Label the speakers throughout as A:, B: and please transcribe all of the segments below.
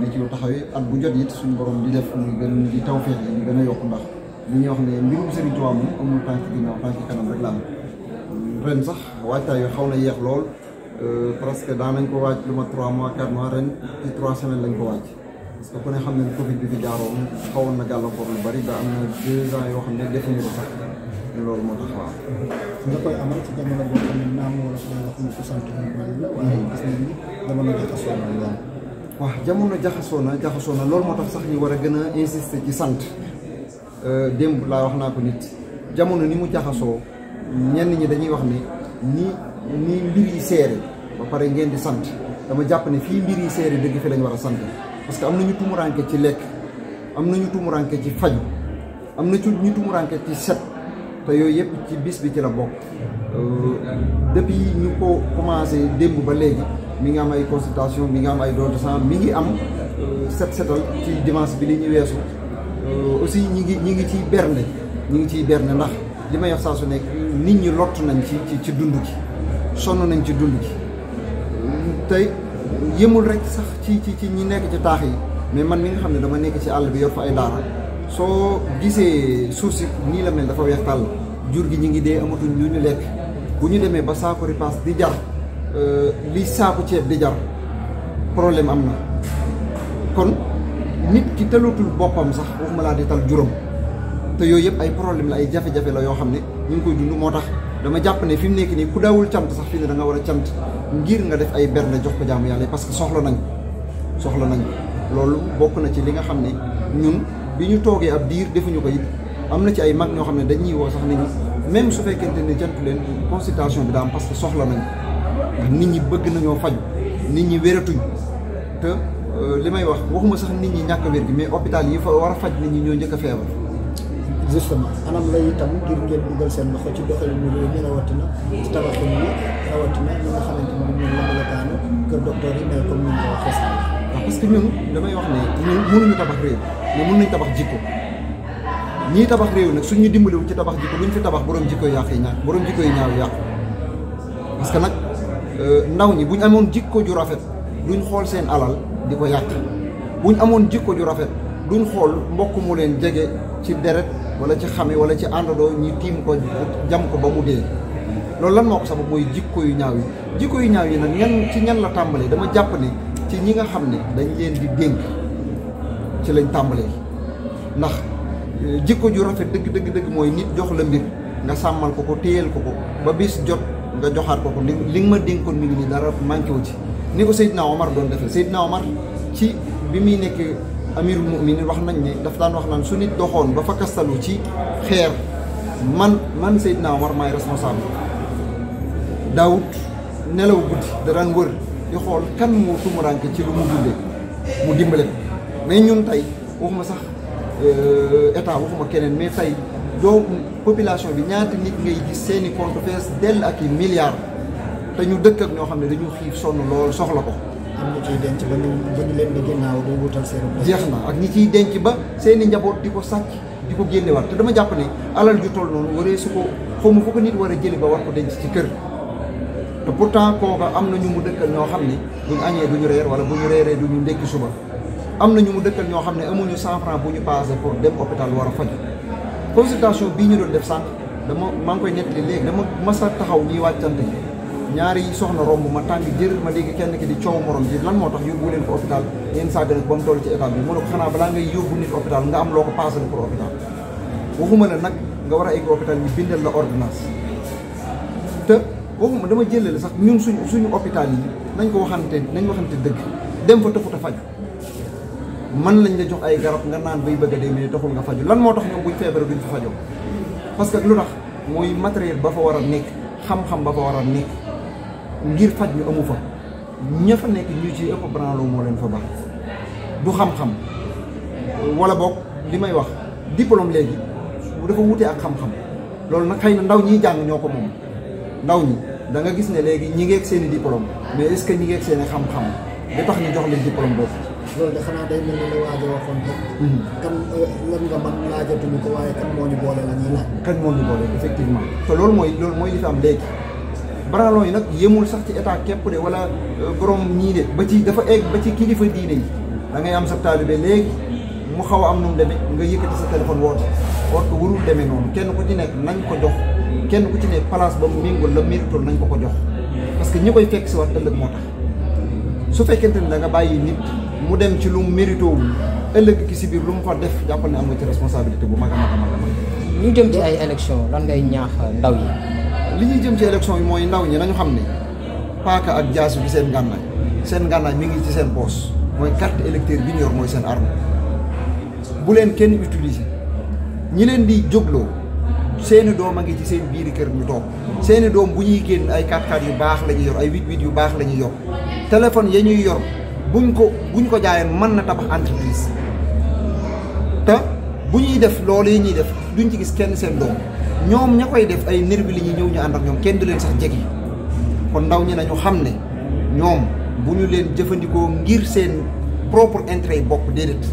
A: di ci taxawee at bu jot it suñu borom di def ñu gën di tawfeex yi ñu gën a yokk ndax li ñuy wax ne mbirum Serigne Touba moom amul tànk ginnaaw tànk kanam rek la am ren sax waajtaay yi xaw na yeex lool euh, que daan nañ ko waaj lu ma trois mois quatre mois ren ci trois semaines lañ ko waaj parce que ku xam ne Covid bi fi jaaroon xawoon na gàllankoor lu bari ba am na deux ans yoo xam ne defuñu sax loolu moo tax waaw. nga koy amal ci jamono sant la waaye gis nañ jamono jaxasoo na jaxasoo na jaxasoo loolu moo tax sax ñu war a gën a insister ci sant euh, démb laa wax naa ko nit jamono ni mu jaxasoo ñenn ñi dañuy wax ni ni ni mbir yi seere ba pare ngeen di sant dama jàpp ne fii mbir yi seere dëgg fi lañ war a sant parce que am na ñu tumuranke ci lekk am na ñu tumuranke ci faju am na ñu tumuranke ci set. te yooyu yëpp ci bis bi ci la bokk yi euh, ñu ko commencé démb ba léegi mi ngi am ay consultation mi ngi am ay don de sang mi ngi am euh, set setal ci dimanche bi li ñu weesu euh, aussi ñu ngi ñi ngi ciy bernde ñi ngi ciy bernde ndax li may wax saa su nekk nit ñi lott nañ ci ci dund gi sonn nañ ci dund gi tey yëmul rek sax ci ci ci ñi nekk ci taax yi mais man mi nga xam ne dama nekk ci àll bi yor fa ay daara so gisé susik ni la mel dafa wéx tal jur gi ñi ngi dé amatu ñu ñu dijar bu ñu démé ba saako ripaas di jar euh, li saako di jar kon nit ki talutul bopam sax waxuma la di tal jurum te yoy yëpp ay problème la ay jafe-jafe la yo xamné ne ñu ngi koy dund motax dama japp ne fim mu nekk nii ku dawul cant sax fi da nga wara a ngir nga def ay berne jox ko jamm yalla parce que soxla nañ soxla nañ lolou bokku na ci li nga xamné ñun bi ñu toogee ab diir defuñu ko it am na ci ay mag ñoo xam ne dañuy woo sax nit ñi même su fekkente ne jantu leen consultation bi daam am parce que soxla nañ ndax nit ñi bëgg nañoo faj nit ñi wératuñ te euh, li may wax waxuma sax nit ñi ñàkk a wér gi mais hôpital yi fa war a faj nit ñi ñoo njëkk a feebar. justement anam lay itam ngir ngeen dugal seen loxo ci doxalinu réew mi rawatina ci tabax ñu rawatina li nga xamante ni moom la ñu kër docteur yi mais comme ni nga waxee parce que ñun damay wax ne ñun ñu tabax réew né mënu ñu tabax jikko ñi tabax réew nak suñu wu ci tabax jikko buñ fi tabax borom jikko yaaxé ñaar borom jikko yi ñaaw yaax parce que euh ndaw ñi buñ amone jikko ju rafet duñ xol seen alal di ko buñ amone jikko ju rafet duñ xol mbokk mu leen jege ci déret wala ci xamé wala ci andodo ñi tim ko jam ko ba mu dé loolu lan moko ko sabab mooy jikko yu ñaaw yi jikko yu ñaaw yi nak ñan ci ñan la tambalé dama japp ni ci ñi nga xam ne dañ leen di dénk ci lañ tàmbalee ndax euh, jikko ju rafet dëgg dëgg dëgg mooy nit jox la mbir nga sàmmal ko ko téyel ko ko ba bis jot nga joxaat ko ko li li nga ma dénkoon mi ngi nii dara manqué wu ci. ni ko Seydina Omar doon defee naa Omar ci bi muy nekkee nekk amirul muminin wax nañ ni daf daan wax naan su nit doxoon ba fa kastalu ci xeer man man Seydina Omar maay responsable daawut nelaw guddi da daan wër. di xool kan moo tumuraanke ci lu mu dundee mu dimbale ko mais ñun tey ma sax euh, état waxuma keneen mais tey doo population bi ñaata nit ngay gis seen i compte dell ak i milliards te ñu dëkk ak ñoo xam ne dañu xiif sonn lool soxla ko. am na ciy denc ba ñu ba ñu leen di ginnaaw di wutal jeex na ak ñi ciy denc ba seen i njaboot di ko sàcc di ko génnewaat te dama jàpp ne alal ju toll noonu waree su ko xaw ma fu ko nit war a jëli ba war ko denc ci kër. te pourtant kooka am na ñu mu dëkkal ñoo xam ni buñu añee du ñu reer wala bu reeree du ndékki suba am na ñu mu dëkkal ñoo xam ne amuñu cent franc bu ñu passé pour dem hôpital war a faj consultation bii ñu doon def sànq dama maa ngi koy nettali léegi dama masa taxaw ñuy wàccante ñaari soxna romb ma tàng jër ma léegi kenn ki di coow morom ji lan moo tax yóbbu leen ko hôpital yenn saa bi nag ba ci état bi mu ne ko xanaa balaa ngay yóbbu loo ko passé pour hôpital waxuma la war a egg hôpital ñu bindal la waxuma dama jëlale sax ñun suñu suñu hôpital yi nañ ko waxante nañ waxante dëgg dem fa taxut a faju man lañ la jox ay garab nga naan bay bëgg a dee mais taxul nga faju lan moo tax ñoom buñ feebare duñ fa fajoo parce que lu tax mooy matériel ba fa war a nekk xam-xam ba fa war a nekk ngir faj ñu amu fa ña fa nekk ñu ci ëpp branlo moo leen fa baax du xam-xam wala boog li may wax diplôme léegi dafa wutee ak xam-xam loolu nag xëy na ndaw ñiy jàng ñoo ko moom ndaw ñi da nga gis ne léegi ñi ngeeg seen i diplôme mais est ce que ñi ngeeg seen i xam-xam li tax ñu jox leen diplôme boobu. loolu de xanaa day mel ni li waajo waxoon hmm. kan euh, lan nga mën laajatuñu ko waaye ñu boole la ñuy moo ñu boole te loolu mooy loolu mooy li fi am léegi. branlon yi nag yemul sax ci état képp de wala euh, borom ñii de ba ci dafa egg ba ci kilifa diine yi da ngay am sa taalibe léegi mu xaw am nu mu demee nga yëkkati sa téléphone woote woote warul demee noonu kenn ko ci nekk nañ ko jox. kenn ku ci ne place ba mu méngul la méritoon nañ ko ko jox parce que ñi koy fekk si waat ëllëg moo tax su fekkente ne da nga bàyyi nit mu dem ci lu mu méritowul ëllëg ki si biir lu mu fa def jàppal ne am nga ci responsabilité bu mag a mag a mag ñu jëm ci ay élection lan ngay ñaax ndaw yi li ñuy jëm ci élection yi mooy ndaw ñi nañu xam ne paaka ak jaas bi seen ngànnaay seen ngànnaay mi ngi ci seen poos mooy carte électeur bi ñu yor mooy seen arme bu leen kenn utiliser ñi leen di jógloo seeni doom a ngi ci seen biir kër ñu toog seeni doom bu ñuy génn ay 4 x yu baax la ñuy yor ay 8 x yu baax la ñuy yor téléphone ya ñuy yor buñ ko buñ ko jaayam mën na tabax entreprise te bu ñuy def loolu yi ñuy def duñ ci gis kenn seen doom ñoom ña koy def ay nervi li ñu ñëw ñu ànd ak ñoom kenn du leen sax jegi kon ndaw ñi nañu xam ne ñoom bu ñu leen jëfandikoo ngir seen propre intérêt yi bopp déedéet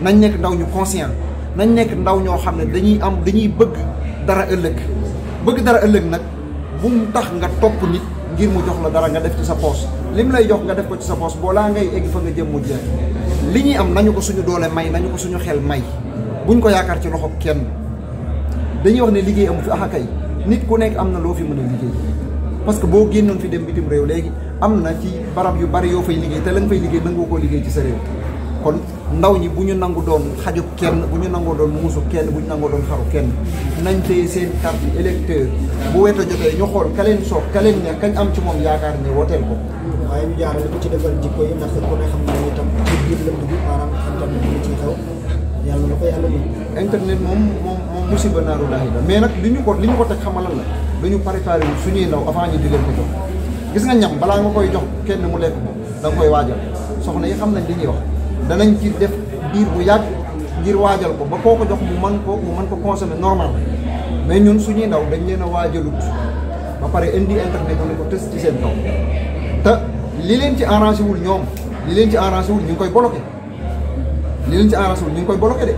A: nañ nekk ndaw ñu conscient nañ nekk ndaw ñoo xam ne dañuy am dañuy bëgg dara ëllëg bëgg dara ëllëg nag bu mu tax nga topp nit ngir mu jox la dara nga def ci sa poos lim lay jox nga def ko ci sa poos boo laa ngay egg fa nga jëm mu li ñuy am nañu ko suñu doole may nañu ko suñu xel may buñ ko yaakaar ci loxob kenn dañuy wax ne liggéey amu fi nit ku nekk am na loo fi mën a liggéey parce que boo génnoon fi dem bitim réew léegi am na ci barab yu bari yoo fay liggéey te la fay liggéey nangoo koo liggéey ci sa réew kon ndaw ñi bu ñu nangu doon xajub kenn bu ñu nangoo doon muusu kenn bu ñu nangoo doon xaru kenn nañ téye seen carte électeur bu weta jotee ñu xool ka leen soob ka leen ne kañ am ci moom yaakaar ne woteel ko waaye ñu jaarale ci defal jikko yi ndax ku ne xam ne itam ci biir la dugg maanaam internet bi ci xew yàlla na ko yàlla moom moom musiba naaru daayi la mais nag li ñu ko li ñu ko teg xamalal la lu ñu préparé wu suñuy ndaw avant ñu di leen ko gis nga ñam balaa nga koy jox kenn mu lekk ko da koy waajal soxna yi xam nañ li ñuy wax danañ ci def biir bu yàgg ngir waajal ko ba koo ko jox mu mën ko mu mën ko consommer normal mais ñun suñuy ndaw dañ leen a waajalut ba pare indi internet ñu ko tës ci seen kaw te li leen ci arrangé wul ñoom li leen ci arrangé wul ñu ngi koy bloqué li leen ci arrangé wul ñu ngi koy bloqué de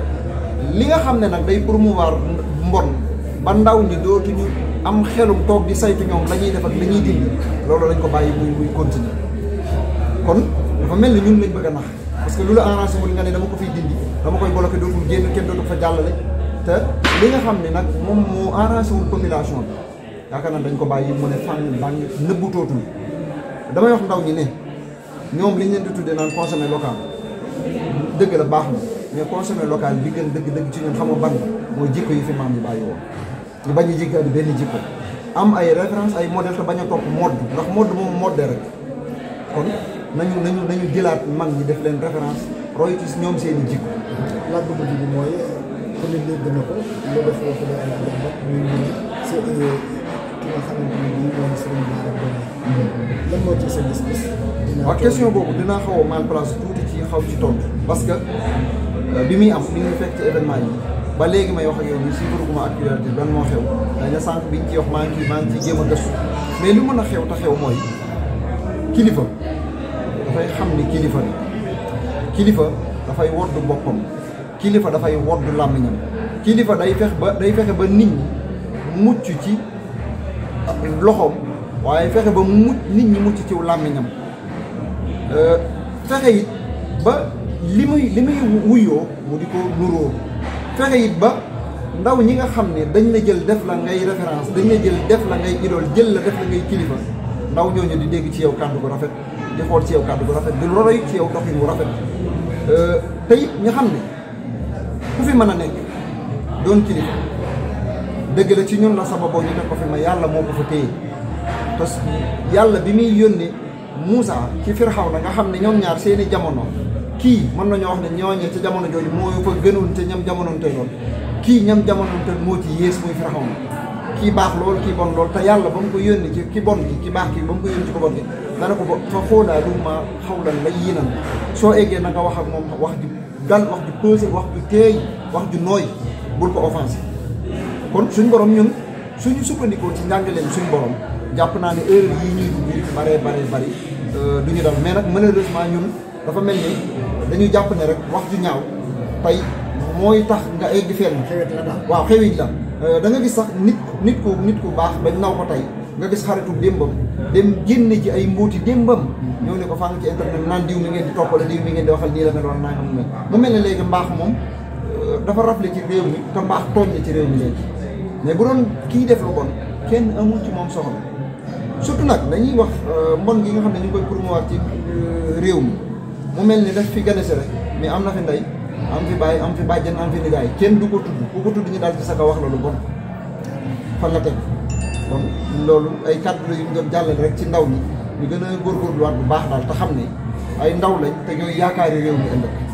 A: li nga xam ne nag day promouvoir mbon ba ndaw ñi dootuñu am xelum toog di saytu ñoom la ñuy def ak la ñuy dindi loolu lañ ko bàyyi muy muy continuer kon dafa mel ni ñun lañ bëgg parce que lu la arrangé wul nga le dama ko fiy dindi dama koy bloqué dootul génn kenn dootu fa jàllale te li nga xam ne nag moom moo arrangé wul population bi yaakaar naa dañ ko bàyyi mu ne fànn bàng nëbbutootul damay wax ndaw ñi ne ñoom liñ leen di tuddee naan consommer local dëgg la baax na mais consommer local bi gën dëgg dëgg ci ñun xamoo ban mooy jikko yi fi maam yi bàyyi woon ñu bañ a jikko benn jikko am ay référence ay modèle te bañ a mode ndax mode moom mode rek kon nañu nañu nañu jëlaat mag ñi def leen référence roy ci ñoom seen i jikko. laaj bu euh, moo ci sa gis-gis. waaw question boobu dinaa xaw a mal xaw ci tontu. parce que euh, bi muy am bi muy ba léegi may wax ak yow nii si groupement actualité lan moo a gëstu mais li mën a xew te mooy kilifa. dafay xam ni kilifa la kilifa dafay wodd boppam kilifa dafay wodd làmmiñam kilifa day fex ba day fexe ba nit ñi mucc ci loxoom waaye fexe ba mu mucc nit ñi mucc ci làmmiñam euh, fexe it ba li muy li muy wuyoo mu di ko nuróo fexe it ba ndaw ñi nga xam ne dañ la jël def la ngay référence dañ la jël def la ngay idole jël la def la ngay kilifa ndaw ñooñu di dégg ci yow kàddu ko rafet di xool ci yow kàddu gu rafet di roy ci yow doxin wu rafet euh, te ñu xam ne ku fi mën a nekk doon kilifa dëgg la ci ñun la sababoo ñu ne ko fi ma yàlla moo ko fa téye parce que yàlla bi muy yónni Moussa ci Firxaw na nga xam ne ñoom ñaar seeni jamono kii mën nañu wax ne ñooñe ca jamono jooju moo fa gënoon te ñam jamonoon te lool kii ñam jamonoon te moo ci yées muy Firxaw na kii baax loolu kii bon loolu te yàlla ba mu ko yónni ci bon gi ki baax gi ba mu ko yónni ci ko bon gi dana ko ba fa soo eggee na wax ak moom wax ju dal wax ju posé wax ju teey wax ju nooy bul ko offensé kon suñ borom ñun suñu sukkandikoo ci njàngaleen suñ borom jàpp naa ne erreur yi ñuy dugg yu bare bare bari euh, du ñu dal mais nag malheureusement ñun dafa mel ni dañu jàpp ne rek wax ju ñaaw tey mooy tax nga egg fenn waaw xewit la Euh, danga gis sax nit nit ku nit ku baax bañ naa ko tey nga gis xaritu démbam dem génne ci ay mbóoti démbam ñëw ne ko faa nga ci internet naan diw mi ngeen di toppale diw mi ngeen di waxal nii la meloon naa nga mu mel mu mel ne léegi mbaax moom euh, dafa rafle ci réew mi te mbaax tooñ la ci réew mi léegi mais bu doon kii def lu bon kenn amul ci moom soxla surtout nag dañuy wax euh, mbon gi nga xam ne ñu ngi koy promouvoir ci réew mi mu mel ni daf fi ganese rek mais am na fi am fi bàyyi am fi bàjjen am fi nigaay kenn du ko tudd ku ko tudd ñu daal ci sa kaw wax la lu bon fan kon loolu ay kàddu la yu ñu doon jàllale rek ci ndaw ñi ñu gën a góor góorluwaat bu baax daal te xam ni ay ndaw lañ te ñooy yaakaari réew mi ëllëg